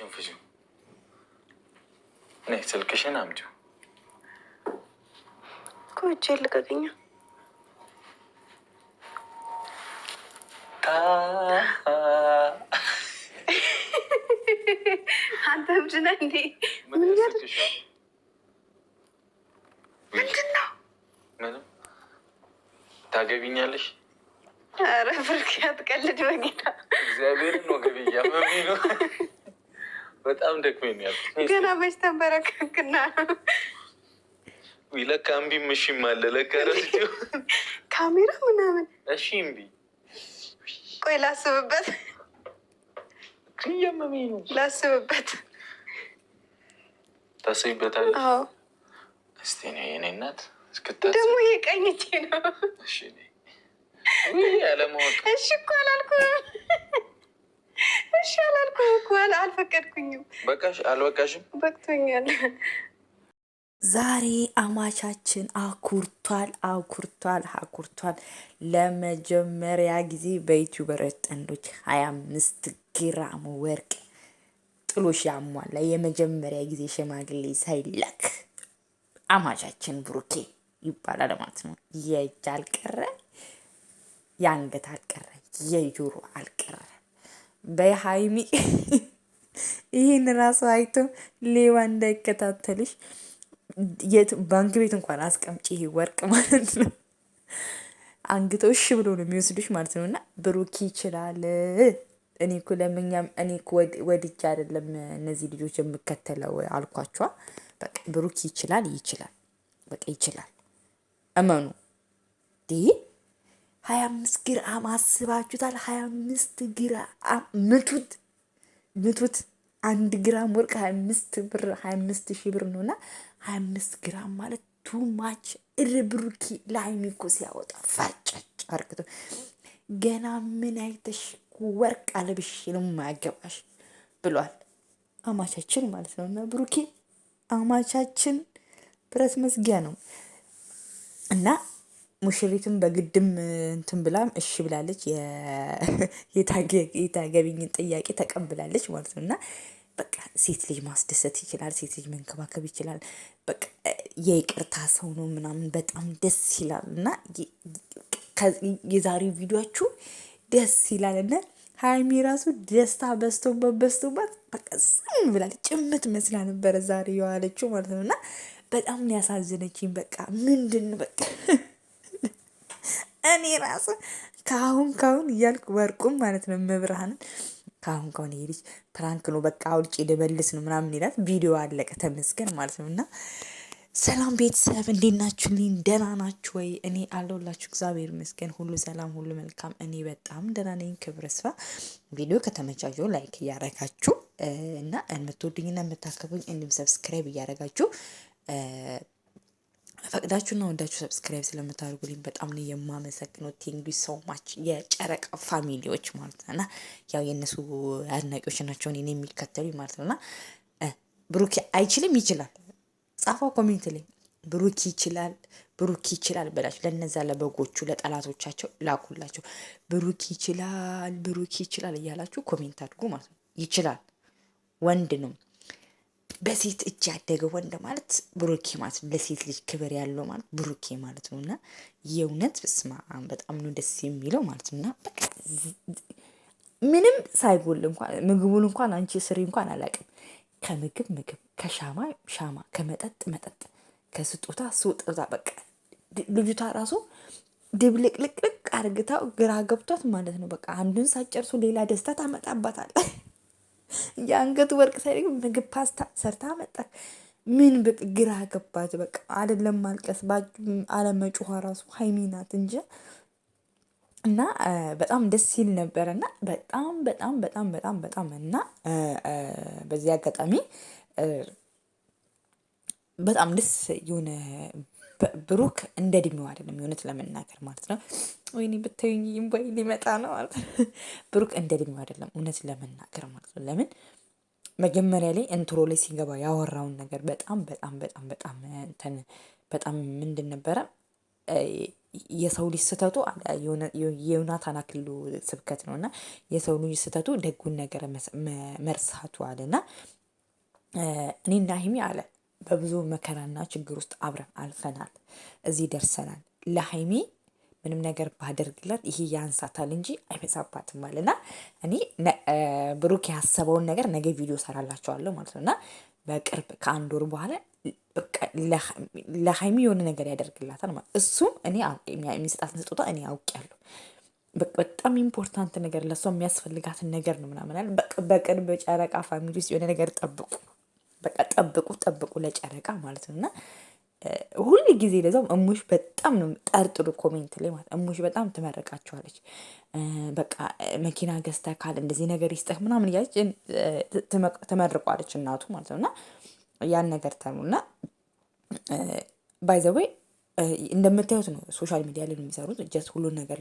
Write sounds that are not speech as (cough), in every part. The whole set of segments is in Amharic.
ስልክሽን ፍጂው። ነይ ስልክሽን አምጪው እኮ እጄ ልቀቀኛ። አንተ እብድ ነህ እንዴ? ምንድን ነው? ምንም ታገቢኛለሽ? ኧረ ብርቅ ያትቀልድ በጌታ እግዚአብሔርን ነው ግብያ መሚ ነው በጣም ደክሜ ገና በሽታን በረከክና ለካ እምቢም እሺም አለ ለካ ካሜራ ምናምን እሺ እምቢ ቆይ ላስብበት ላስብበት ታስቢበታለሽ። እስቲ የኔ እናት ደግሞ ይሄ ቀኝ ነው። እሺ እሺ እኮ አላልኩም እሺ አላልኩም እኮ አልፈቀድኩኝም። በቃሽ አልበቃሽም? በቅቶኛል። ዛሬ አማቻችን አኩርቷል፣ አኩርቷል፣ አኩርቷል። ለመጀመሪያ ጊዜ በዩቲዩበሮች ጥንዶች ሀያ አምስት ግራም ወርቅ ጥሎሽ ያሟላ የመጀመሪያ ጊዜ ሽማግሌ ሳይላክ አማቻችን ብሩኬ ይባላል ማለት ነው። የእጅ አልቀረ፣ የአንገት አልቀረ፣ የጆሮ አልቀረ በሀይሚ (laughs) ይህን ራሱ አይቶ ሌባ እንዳይከታተልሽ የት ባንክ ቤት እንኳን አስቀምጪ፣ ይሄ ወርቅ (laughs) ማለት ነው። አንግቶ እሺ ብሎ ነው የሚወስዱሽ ማለት ነው። እና ብሩክ ይችላል። እኔ እኮ ለምኛም እኔ ወድጄ አይደለም እነዚህ ልጆች የምከተለው አልኳቸዋ። በቃ ብሩክ ይችላል፣ ይችላል፣ በቃ ይችላል። እመኑ ይህ ሀያ አምስት ግራም አስባችሁታል? ሀያ አምስት ግራም ምቱት ምቱት። አንድ ግራም ወርቅ ሀያ አምስት ብር ሀያ አምስት ሺህ ብር ነው እና ሀያ አምስት ግራም ማለት ቱማች እርብሩኪ ላይሚ እኮ ሲያወጣ ፈጨጭ አርግቶ ገና ምን አይተሽ ወርቅ አለብሽ ነው ማያገባሽ ብሏል። አማቻችን ማለት ነው እና ብሩኪ አማቻችን ብረት መዝጊያ ነው እና ሙሽሪትም በግድም እንትን ብላም እሺ ብላለች። (laughs) የታገቢኝን ጥያቄ ተቀብላለች ማለት ነው። እና በቃ ሴት ልጅ ማስደሰት ይችላል፣ ሴት ልጅ መንከባከብ ይችላል። በቃ የይቅርታ ሰው ነው ምናምን በጣም ደስ ይላል። እና የዛሬው ቪዲዮችሁ ደስ ይላል እና ሀይሚ ራሱ ደስታ በዝቶባት በዝቶባት በቃ ዝም ብላለች። ጭምት መስላ ነበረ ዛሬ የዋለችው ማለት ነው እና በጣም ያሳዝነችኝ በቃ ምንድን በቃ (laughs) እኔ ራሱ ከአሁን ካሁን እያልኩ ወርቁም ማለት ነው መብርሃንን ከአሁን ከሁን ይሄ ልጅ ፕራንክ ነው በቃ አውልጭ ልበልስ ነው ምናምን ይላት። ቪዲዮ አለቀ ተመስገን ማለት ነው። እና ሰላም ቤተሰብ እንዴት ናችሁልኝ? ደህና ናችሁ ወይ? እኔ አለሁላችሁ እግዚአብሔር ይመስገን፣ ሁሉ ሰላም፣ ሁሉ መልካም። እኔ በጣም ደህና ነኝ። ክብር ስፋ። ቪዲዮ ከተመቻቸው ላይክ እያረጋችሁ እና የምትወዱኝና የምታከቡኝ እንዲሁም ሰብስክራይብ እያረጋችሁ ፈቅዳችሁና ወዳችሁ ሰብስክራይብ ስለምታደርጉልኝ በጣም ነው የማመሰግነው። ቴንግ ሰው ማች የጨረቃ ፋሚሊዎች ማለት ነው እና ያው የእነሱ አድናቂዎች ናቸውን ኔ የሚከተሉ ማለት ነው እና ብሩኪ አይችልም ይችላል፣ ጻፏ ኮሚኒቲ ላይ ብሩኪ ይችላል፣ ብሩኪ ይችላል በላችሁ ለነዛ ለበጎቹ ለጠላቶቻቸው ላኩላቸው። ብሩኪ ይችላል፣ ብሩኪ ይችላል እያላችሁ ኮሜንት አድጉ ማለት ነው። ይችላል ወንድ ነው በሴት እጅ ያደገ ወንድ ማለት ብሩኬ ማለት ነው። ለሴት ልጅ ክብር ያለው ማለት ብሩኬ ማለት ነው። እና የእውነት ስማ በጣም ነው ደስ የሚለው ማለት ነው። እና ምንም ሳይጎል እንኳን ምግቡን እንኳን አንቺ ስሪ እንኳን አላውቅም። ከምግብ ምግብ፣ ከሻማ ሻማ፣ ከመጠጥ መጠጥ፣ ከስጦታ ስጦታ። በቃ ልጅቷ ራሱ ድብልቅልቅልቅ አርግታው ግራ ገብቷት ማለት ነው። በቃ አንዱን ሳጨርሱ ሌላ ደስታ ታመጣባታል። የአንገቱ ወርቅ ሳይደግ ምግብ ፓስታ ሰርታ መጣት ምን በቃ ግራ ገባት። በቃ አይደለም ማልቀስ አለመጮኋ ራሱ ሀይሚናት እንጂ እና በጣም ደስ ሲል ነበር እና በጣም በጣም በጣም በጣም በጣም እና በዚህ አጋጣሚ በጣም ደስ የሆነ ብሩክ እንደ እድሜው አይደለም፣ የእውነት ለመናገር ማለት ነው። ወይኔ ብታዩኝ እምባዬ ሊመጣ ነው ማለት ነው። ብሩክ እንደ እድሜው አይደለም፣ እውነት ለመናገር ማለት ነው። ለምን መጀመሪያ ላይ እንትሮ ላይ ሲገባ ያወራውን ነገር በጣም በጣም በጣም በጣም እንትን በጣም ምንድን ነበረ የሰው ልጅ ስህተቱ የዮናታን አክሊሉ ስብከት ነው እና የሰው ልጅ ስህተቱ ደጉን ነገር መርሳቱ አለ እና እኔና ሂሚ አለ በብዙ መከራና ችግር ውስጥ አብረን አልፈናል፣ እዚህ ደርሰናል። ለሀይሚ ምንም ነገር ባደርግላት ይሄ ያንሳታል እንጂ አይበዛባትም አለና እኔ ብሩክ ያሰበውን ነገር ነገ ቪዲዮ ሰራላቸዋለሁ ማለት ነው እና በቅርብ ከአንድ ወር በኋላ ለሀይሚ የሆነ ነገር ያደርግላታል ማለት እሱም እኔ የሚሰጣትን ስጦታ እኔ አውቄያለሁ። በጣም ኢምፖርታንት ነገር ለሷ የሚያስፈልጋትን ነገር ነው ምናምናል። በቅርብ ጨረቃ ፋሚሊ ውስጥ የሆነ ነገር ጠብቁ። በቃ ጠብቁ ጠብቁ ለጨረቃ ማለት ነው እና ሁል ጊዜ ለዛም እሙሽ በጣም ነው ጠርጥሩ ኮሜንት ላይ ማለት እሙሽ በጣም ትመረቃቸዋለች። በቃ መኪና ገዝተ ካል እንደዚህ ነገር ይስጠህ ምናምን እያለች ትመርቋለች እናቱ ማለት ነው እና ያን ነገር ተሙና ባይ ዘ እንደምታዩት ነው ሶሻል ሚዲያ ላይ የሚሰሩት ጀስት ሁሉን ነገር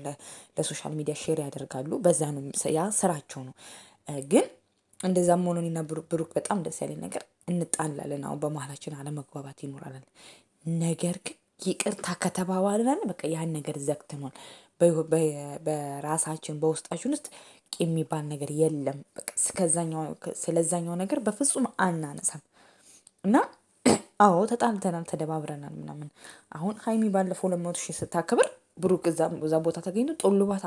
ለሶሻል ሚዲያ ሼር ያደርጋሉ። በዛ ነው ያ ስራቸው ነው ግን እንደዛም ሆኖ እኔና ብሩክ በጣም ደስ ያለኝ ነገር እንጣላለን። አሁን በመሀላችን አለመግባባት ይኖራል። ነገር ግን ይቅርታ ከተባባልን በቃ ያን ነገር ዘግተኗል። በራሳችን በውስጣችን ውስጥ የሚባል ነገር የለም። ስለዛኛው ነገር በፍጹም አናነሳም እና (clears throat) አዎ ተጣልተናል፣ ተደባብረናል ምናምን። አሁን ሀይሚ ባለፈው ለመቶ ሺህ ስታከብር ብሩክ እዛ ቦታ ተገኝቶ ጦልባት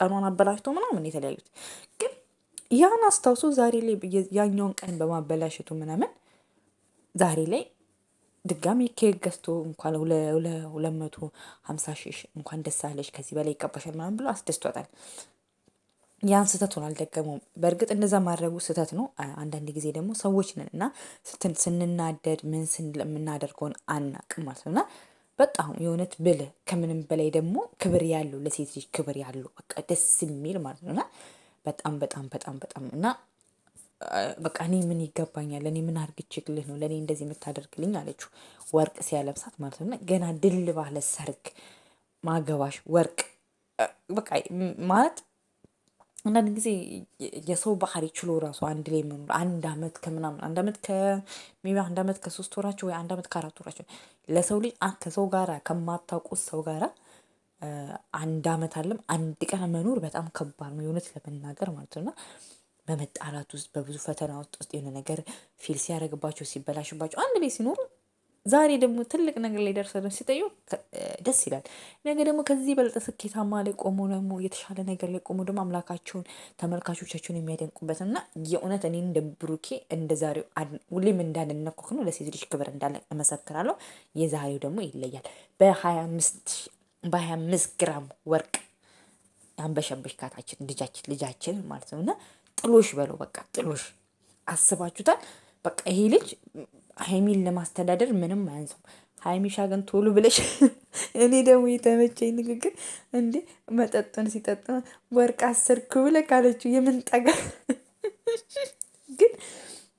ቀኗን አበላሽቶ ምናምን የተለያዩት ግን ያን አስታውሶ ዛሬ ላይ ያኛውን ቀን በማበላሸቱ ምናምን ዛሬ ላይ ድጋሚ ኬክ ገዝቶ እንኳን ሁለት መቶ ሀምሳ ሺህ እንኳን ደስ አለሽ ከዚህ በላይ ይቀባሻል ምናምን ብሎ አስደስቷታል። ያን ስህተት ሆኖ አልደገመውም። በእርግጥ እንደዛ ማድረጉ ስህተት ነው። አንዳንድ ጊዜ ደግሞ ሰዎች ነን እና ስንናደድ ምን የምናደርገውን አናቅም ማለት ነው እና በጣም የእውነት ብልህ ከምንም በላይ ደግሞ ክብር ያለው ለሴት ልጅ ክብር ያለው በቃ ደስ የሚል ማለት ነው እና በጣም በጣም በጣም በጣም እና በቃ እኔ ምን ይገባኛል? እኔ ምን አርግችልህ ነው ለእኔ እንደዚህ የምታደርግልኝ አለችው። ወርቅ ሲያለብሳት ማለት ነው። ገና ድል ባለ ሰርግ ማገባሽ ወርቅ በቃ ማለት አንዳንድ ጊዜ የሰው ባህሪ ችሎ ራሱ አንድ ላይ መኖር አንድ አመት ከምናምን አንድ አመት ከሚቢ አንድ አመት ከሶስት ወራቸው ወይ አንድ አመት ከአራት ወራቸው ለሰው ልጅ ከሰው ጋራ ከማታውቁት ሰው ጋራ አንድ አመት አለም አንድ ቀን መኖር በጣም ከባድ ነው የእውነት ለመናገር ማለት ነው። እና በመጣላት ውስጥ በብዙ ፈተና ውስጥ ውስጥ የሆነ ነገር ፊል ሲያደርግባቸው ሲበላሽባቸው አንድ ላይ ሲኖሩ ዛሬ ደግሞ ትልቅ ነገር ላይ ደርሰ ሲጠዩ ደስ ይላል። ነገ ደግሞ ከዚህ የበለጠ ስኬታማ ላይ ቆሞ ደግሞ የተሻለ ነገር ላይ ቆሞ ደግሞ አምላካቸውን ተመልካቾቻቸውን የሚያደንቁበት እና የእውነት እኔ እንደ ብሩኬ እንደ ዛሬው ሁሌም እንዳልነኩክ ነው ለሴት ልጅ ክብር እንዳለ እመሰክራለሁ። የዛሬው ደግሞ ይለያል። በሀያ አምስት በሃያ አምስት ግራም ወርቅ ካታችን ልጃችን ልጃችን ማለት ነው። እና ጥሎሽ በለው በቃ ጥሎሽ አስባችሁታል። በቃ ይሄ ልጅ ሀይሚን ለማስተዳደር ምንም አያንሰውም። ሀይሚሻ ግን ቶሎ ብለሽ (laughs) እኔ ደግሞ የተመቸኝ ንግግር እንዴ መጠጡን ሲጠጥ ወርቅ አሰርክ ብለህ ካለችው የምንጠጋ (laughs) ግን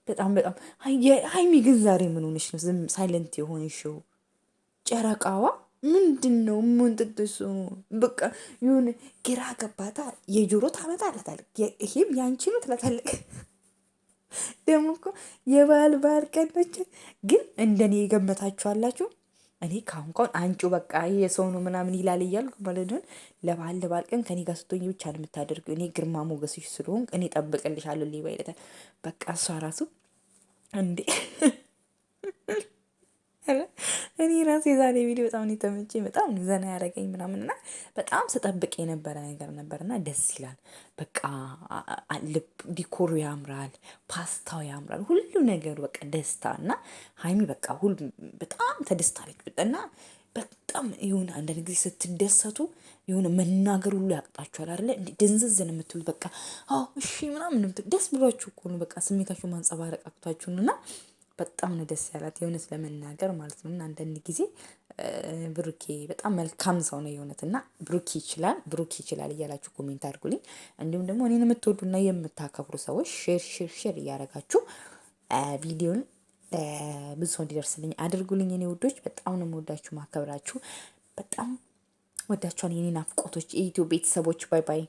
በጣም በጣም ሀይሚ ግን ዛሬ ምን ሆነሽ ነው ሳይለንት የሆንሽው ጨረቃዋ? ምንድን ነው ምንጥጥሱ? በቃ የሆነ ግራ ገባታ። የጆሮ ታመጣላታለህ፣ ይሄም ያንቺ ነው ትላታለህ። ደግሞ እኮ የባል ባል ቀነች። ግን እንደኔ የገመታችሁ አላችሁ? እኔ ካሁን ካሁን አንጩ በቃ ይሄ የሰው ነው ምናምን ይላል እያልኩ ማለት ነው። ለባል ለባል ቀን ከኔ ጋር ስትሆኝ ብቻ ነው የምታደርገው። እኔ ግርማ ሞገስሽ ስለሆንኩ እኔ ጠብቅልሻለሁ ሊባ ይለታል። በቃ እሷ ራሱ እንዴ ራሴ የዛሬ ቪዲዮ በጣም ነው የተመቸኝ፣ በጣም ዘና ያደረገኝ ምናምን እና በጣም ስጠብቅ የነበረ ነገር ነበር እና ደስ ይላል። በቃ ዲኮሩ ያምራል፣ ፓስታው ያምራል፣ ሁሉ ነገሩ በቃ ደስታ እና ሀይሚ በቃ ሁሉ በጣም ተደስታለች እና በጣም የሆነ አንዳንድ ጊዜ ስትደሰቱ የሆነ መናገር ሁሉ ያቅጣችኋል አለ ድንዝዝ ነው የምትሉት። በቃ እሺ ምናምን ደስ ብሏችሁ እኮ ነው በቃ ስሜታችሁ ማንጸባረቅ አቅቷችሁን እና በጣም ነው ደስ ያላት የእውነት ለመናገር ማለት ነው። እና አንዳንድ ጊዜ ብሩኬ በጣም መልካም ሰው ነው የእውነት እና ብሩኬ ይችላል ብሩኬ ይችላል እያላችሁ ኮሜንት አድርጉልኝ። እንዲሁም ደግሞ እኔን የምትወዱና የምታከብሩ ሰዎች ሼር ሼር ሼር እያደረጋችሁ ቪዲዮን ብዙ ሰው እንዲደርስልኝ አድርጉልኝ። እኔ ውዶች በጣም ነው የምወዳችሁ ማከብራችሁ። በጣም ወዳችኋል የኔ ናፍቆቶች፣ የኢትዮ ቤተሰቦች። ባይ ባይ።